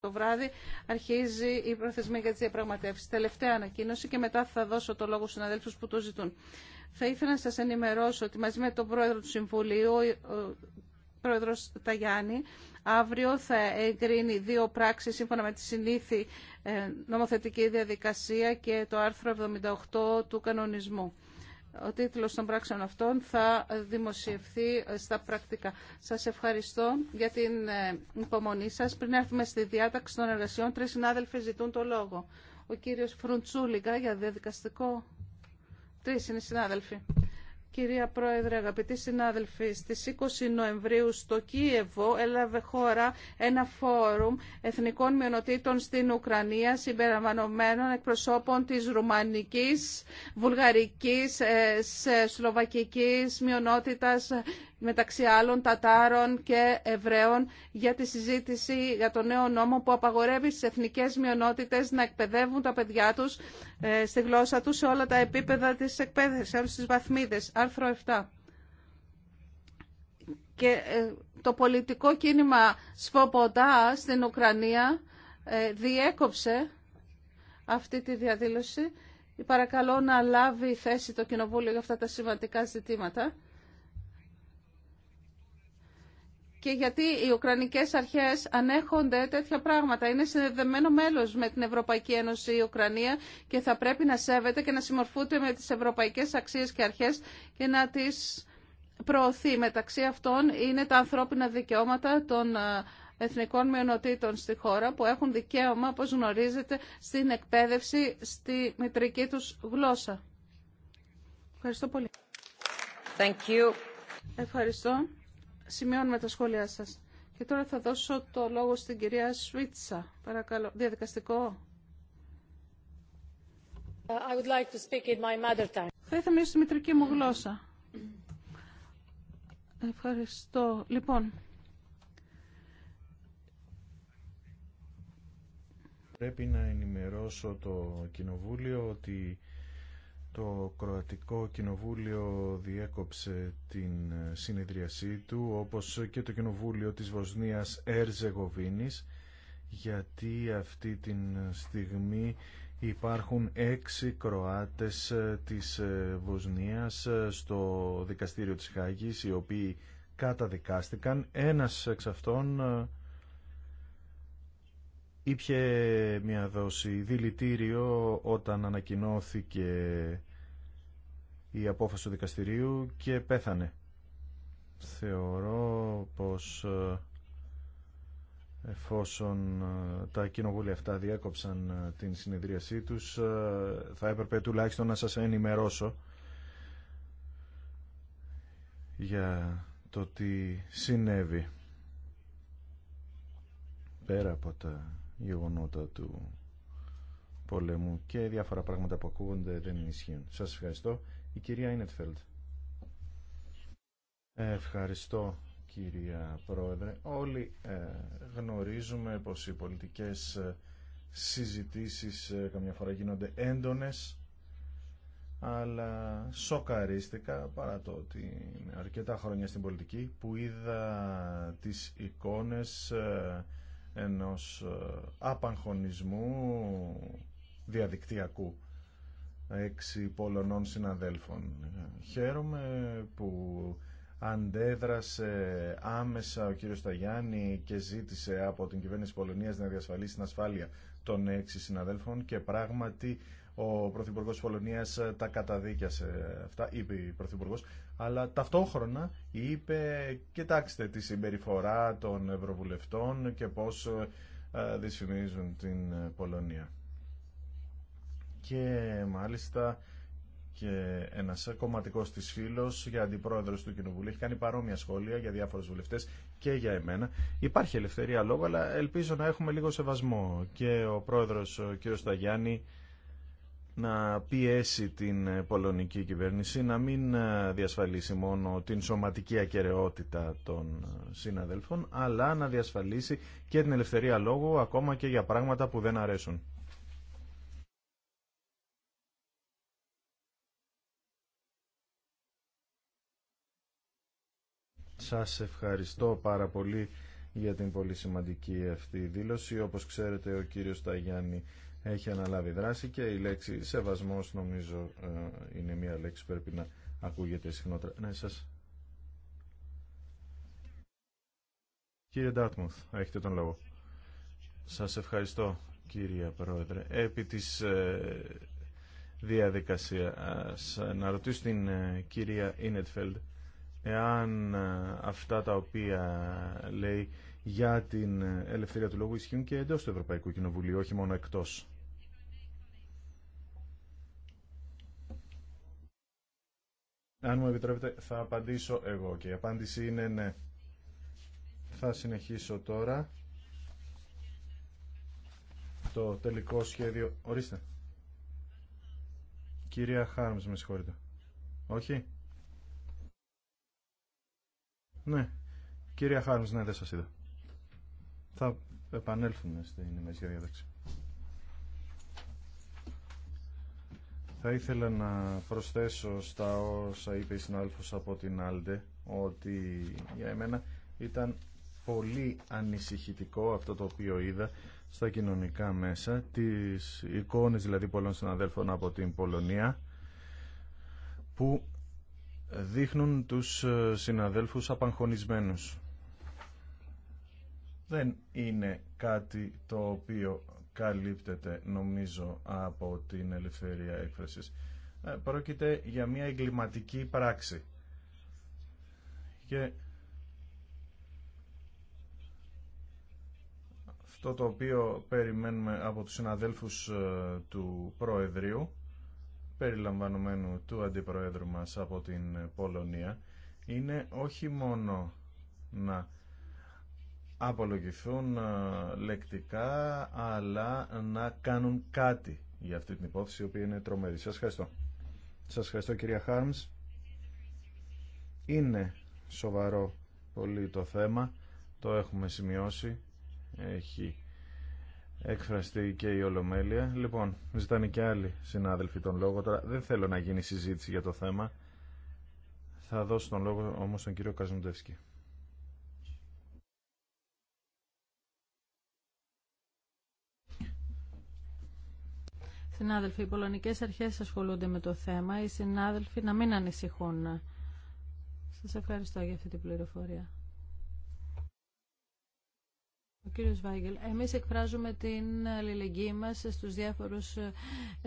το βράδυ αρχίζει η προθεσμία για τι διαπραγματεύσει. Τελευταία ανακοίνωση και μετά θα δώσω το λόγο στου συναδέλφου που το ζητούν. Θα ήθελα να σα ενημερώσω ότι μαζί με τον πρόεδρο του Συμβουλίου, ο πρόεδρο Ταγιάννη, αύριο θα εγκρίνει δύο πράξει σύμφωνα με τη συνήθη ε, νομοθετική διαδικασία και το άρθρο 78 του κανονισμού ο τίτλος των πράξεων αυτών θα δημοσιευθεί στα πρακτικά. Σας ευχαριστώ για την ε, υπομονή σας. Πριν έρθουμε στη διάταξη των εργασιών, τρεις συνάδελφοι ζητούν το λόγο. Ο κύριος Φρουντσούλικα για διαδικαστικό. Τρεις είναι συνάδελφοι. Κυρία Πρόεδρε, αγαπητοί συνάδελφοι, στις 20 Νοεμβρίου στο Κίεβο έλαβε χώρα ένα φόρουμ εθνικών μειονοτήτων στην Ουκρανία συμπεριλαμβανομένων εκπροσώπων της ρουμανικής, βουλγαρικής, ε, σλοβακικής μειονότητας μεταξύ άλλων Τατάρων και Εβραίων για τη συζήτηση για το νέο νόμο που απαγορεύει στις εθνικές μειονότητες να εκπαιδεύουν τα παιδιά τους ε, στη γλώσσα τους σε όλα τα επίπεδα της εκπαίδευσης, σε όλες τις βαθμίδες. Άρθρο 7. Και ε, το πολιτικό κίνημα Σφοποντά στην Ουκρανία ε, διέκοψε αυτή τη διαδήλωση. Παρακαλώ να λάβει θέση το Κοινοβούλιο για αυτά τα σημαντικά ζητήματα. και γιατί οι Ουκρανικές αρχές ανέχονται τέτοια πράγματα. Είναι συνδεδεμένο μέλος με την Ευρωπαϊκή Ένωση η Ουκρανία και θα πρέπει να σέβεται και να συμμορφούνται με τις ευρωπαϊκές αξίες και αρχές και να τις προωθεί. Μεταξύ αυτών είναι τα ανθρώπινα δικαιώματα των ε, εθνικών μειονοτήτων στη χώρα που έχουν δικαίωμα, όπως γνωρίζετε, στην εκπαίδευση στη μητρική τους γλώσσα. Ευχαριστώ πολύ. Thank you. Ευχαριστώ. Σημειώνουμε τα σχόλιά σας. Και τώρα θα δώσω το λόγο στην κυρία Σουίτσα. Παρακαλώ, διαδικαστικό. Uh, I would like to speak in my mother tongue. Θα ήθελα μιλήσω στη μητρική μου γλώσσα. Ευχαριστώ. Λοιπόν, πρέπει να ενημερώσω το Κοινοβούλιο ότι το Κροατικό Κοινοβούλιο διέκοψε την ε, συνεδριασή του, όπως και το Κοινοβούλιο της Βοσνίας Ερζεγοβίνης, γιατί αυτή τη στιγμή υπάρχουν έξι Κροάτες ε, της ε, Βοσνίας στο δικαστήριο της Χάγης, οι οποίοι καταδικάστηκαν. Ένας εξ αυτών υπήρχε μια δόση δηλητήριο όταν ανακοινώθηκε η απόφαση του δικαστηρίου και πέθανε. Θεωρώ πως ε, εφόσον ε, τα κοινοβούλια αυτά διέκοψαν ε, την συνεδρίασή τους θα έπρεπε τουλάχιστον να σας ενημερώσω για το τι συνέβη πέρα από τα γεγονότα του πολέμου και διάφορα πράγματα που ακούγονται δεν ισχύουν. Σας ευχαριστώ. Η κυρία Ινετφέλτ. Ευχαριστώ κυρία Πρόεδρε. Όλοι ε, γνωρίζουμε πως οι πολιτικές ε, συζητήσεις ε, καμιά φορά γίνονται έντονες αλλά σοκαρίστηκα παρά το ότι αρκετά χρόνια στην πολιτική που είδα τις εικόνες ενός απαγχωνισμού διαδικτυακού έξι Πολωνών συναδέλφων. Χαίρομαι που αντέδρασε άμεσα ο κύριος Σταγιάννη και ζήτησε από την κυβέρνηση Πολωνίας να διασφαλίσει την ασφάλεια των έξι συναδέλφων και πράγματι ο Πρωθυπουργός Πολωνίας τα καταδίκιασε αυτά, είπε η Πρωθυπουργό. Αλλά ταυτόχρονα είπε, κοιτάξτε τη συμπεριφορά των Ευρωβουλευτών και πώς ε, δυσφημίζουν την Πολωνία και μάλιστα και ένα κομματικό τη φίλο για αντιπρόεδρο του Κοινοβουλίου έχει κάνει παρόμοια σχόλια για διάφορου βουλευτέ και για εμένα. Υπάρχει ελευθερία λόγου, αλλά ελπίζω να έχουμε λίγο σεβασμό και ο πρόεδρο κ. Σταγιάννη να πιέσει την πολωνική κυβέρνηση να μην διασφαλίσει μόνο την σωματική ακαιρεότητα των συναδέλφων αλλά να διασφαλίσει και την ελευθερία λόγου ακόμα και για πράγματα που δεν αρέσουν. Σας ευχαριστώ πάρα πολύ για την πολύ σημαντική αυτή δήλωση. Όπως ξέρετε ο κύριος Ταγιάννη έχει αναλάβει δράση και η λέξη σεβασμός νομίζω ε, είναι μια λέξη που πρέπει να ακούγεται συχνότερα. Ναι, σας... Κύριε Ντάτμουθ, έχετε τον λόγο. Σας ευχαριστώ κύριε Πρόεδρε. Επί της ε, διαδικασίας ε, να ρωτήσω την κυρία Ίνετφελντ εάν ε, αυτά τα οποία λέει για την ελευθερία του λόγου ισχύουν και εντός του Ευρωπαϊκού Κοινοβουλίου, όχι μόνο εκτός. Αν μου επιτρέπετε θα απαντήσω εγώ και η απάντηση είναι ναι. Θα συνεχίσω τώρα το τελικό σχέδιο. Ορίστε. Κυρία Χάρμς, με συγχωρείτε. Όχι. Ναι, κυρία Χάρμς, ναι, δεν σας είδα. Θα επανέλθουμε στην ημερήσια διάταξη. Θα ήθελα να προσθέσω στα όσα είπε η συνάδελφος από την Άλντε ότι για εμένα ήταν πολύ ανησυχητικό αυτό το οποίο είδα στα κοινωνικά μέσα τις εικόνες δηλαδή πολλών συναδέλφων από την Πολωνία που δείχνουν τους ε, συναδέλφους απαγχωνισμένους. Δεν είναι κάτι το οποίο καλύπτεται νομίζω από την ελευθερία έκφρασης. Ε, πρόκειται για μια εγκληματική πράξη. Και αυτό το οποίο περιμένουμε από τους συναδέλφους ε, του προέδριου περιλαμβανομένου του αντιπροέδρου μας από την Πολωνία είναι όχι μόνο να απολογηθούν ε, λεκτικά αλλά να κάνουν κάτι για αυτή την υπόθεση η οποία είναι τρομερή. Σας ευχαριστώ. Σας ευχαριστώ κυρία Χάρμς. Είναι σοβαρό πολύ το θέμα. Το έχουμε σημειώσει. Έχει εκφραστεί και η Ολομέλεια. Λοιπόν, ζητάνε και άλλοι συνάδελφοι τον λόγο. Τώρα δεν θέλω να γίνει συζήτηση για το θέμα. Θα δώσω τον λόγο όμως στον κύριο Καζουντεύσκη. Συνάδελφοι, οι πολωνικές αρχές ασχολούνται με το θέμα. Οι συνάδελφοι να μην ανησυχούν. Σας ευχαριστώ για αυτή την πληροφορία. Ο κύριος Βάγγελ, εμείς εκφράζουμε την αλληλεγγύη μας στους διάφορους ε,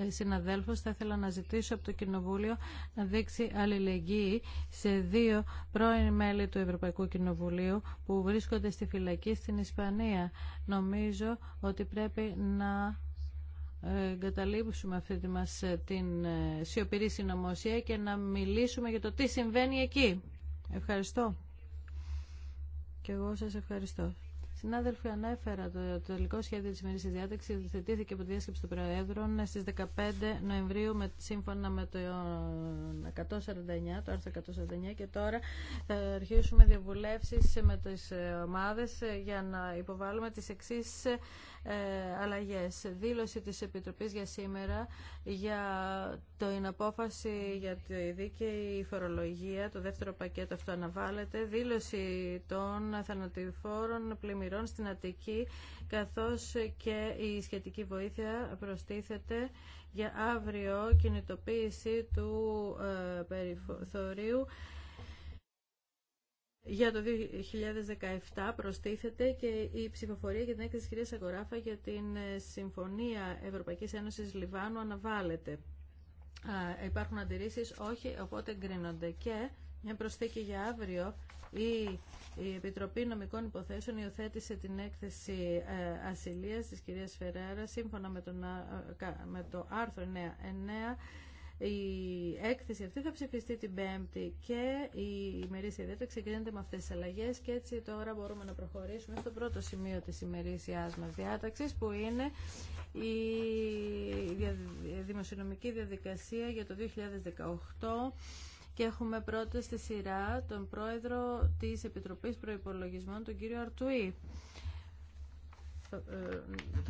συναδέλφους. Θα ήθελα να ζητήσω από το Κοινοβούλιο να δείξει αλληλεγγύη σε δύο πρώην μέλη του Ευρωπαϊκού Κοινοβουλίου που βρίσκονται στη φυλακή στην Ισπανία. Νομίζω ότι πρέπει να ε, εγκαταλείψουμε αυτή τη μας ε, την σιωπηρή συνωμοσία και να μιλήσουμε για το τι συμβαίνει εκεί. Ευχαριστώ. Και εγώ σας ευχαριστώ. Συνάδελφοι, ανέφερα το τελικό σχέδιο τη ημερήσια διάταξη υιοθετήθηκε από τη διάσκεψη των Προέδρων στι 15 Νοεμβρίου με, σύμφωνα με το 149, το άρθρο 149 και τώρα θα αρχίσουμε διαβουλεύσει με τι ομάδε για να υποβάλουμε τι εξή ε, αλλαγέ. Δήλωση τη Επιτροπή για σήμερα για την απόφαση για τη δίκαιη φορολογία, το δεύτερο πακέτο αυτό αναβάλλεται. Δήλωση των θανατηφόρων πλημμυρίων στην Αττική, καθώς και η σχετική βοήθεια προστίθεται για αύριο κινητοποίηση του ε, περιθωρίου για το 2017 προστίθεται και η ψηφοφορία για την έκθεση κυρία Σαγκοράφα για την ε, Συμφωνία Ευρωπαϊκής Ένωσης Λιβάνου αναβάλλεται. Υπάρχουν αντιρρήσεις, όχι, οπότε γκρίνονται και μια προσθήκη για αύριο. Η, η Επιτροπή Νομικών Υποθέσεων υιοθέτησε την έκθεση ε, ασυλίας της κυρίας Φεράρα σύμφωνα με, τον, με το άρθρο 9.9 η έκθεση αυτή θα ψηφιστεί την Πέμπτη και η ημερήσια διάταξη εγκρίνεται με αυτέ τι αλλαγέ. Και έτσι τώρα μπορούμε να προχωρήσουμε στο πρώτο σημείο τη ημερήσια μα διάταξη, που είναι η δημοσιονομική διαδικασία για το 2018 και έχουμε πρώτα στη σειρά τον πρόεδρο της Επιτροπής Προϋπολογισμών, τον κύριο Αρτουή. Ε, ε,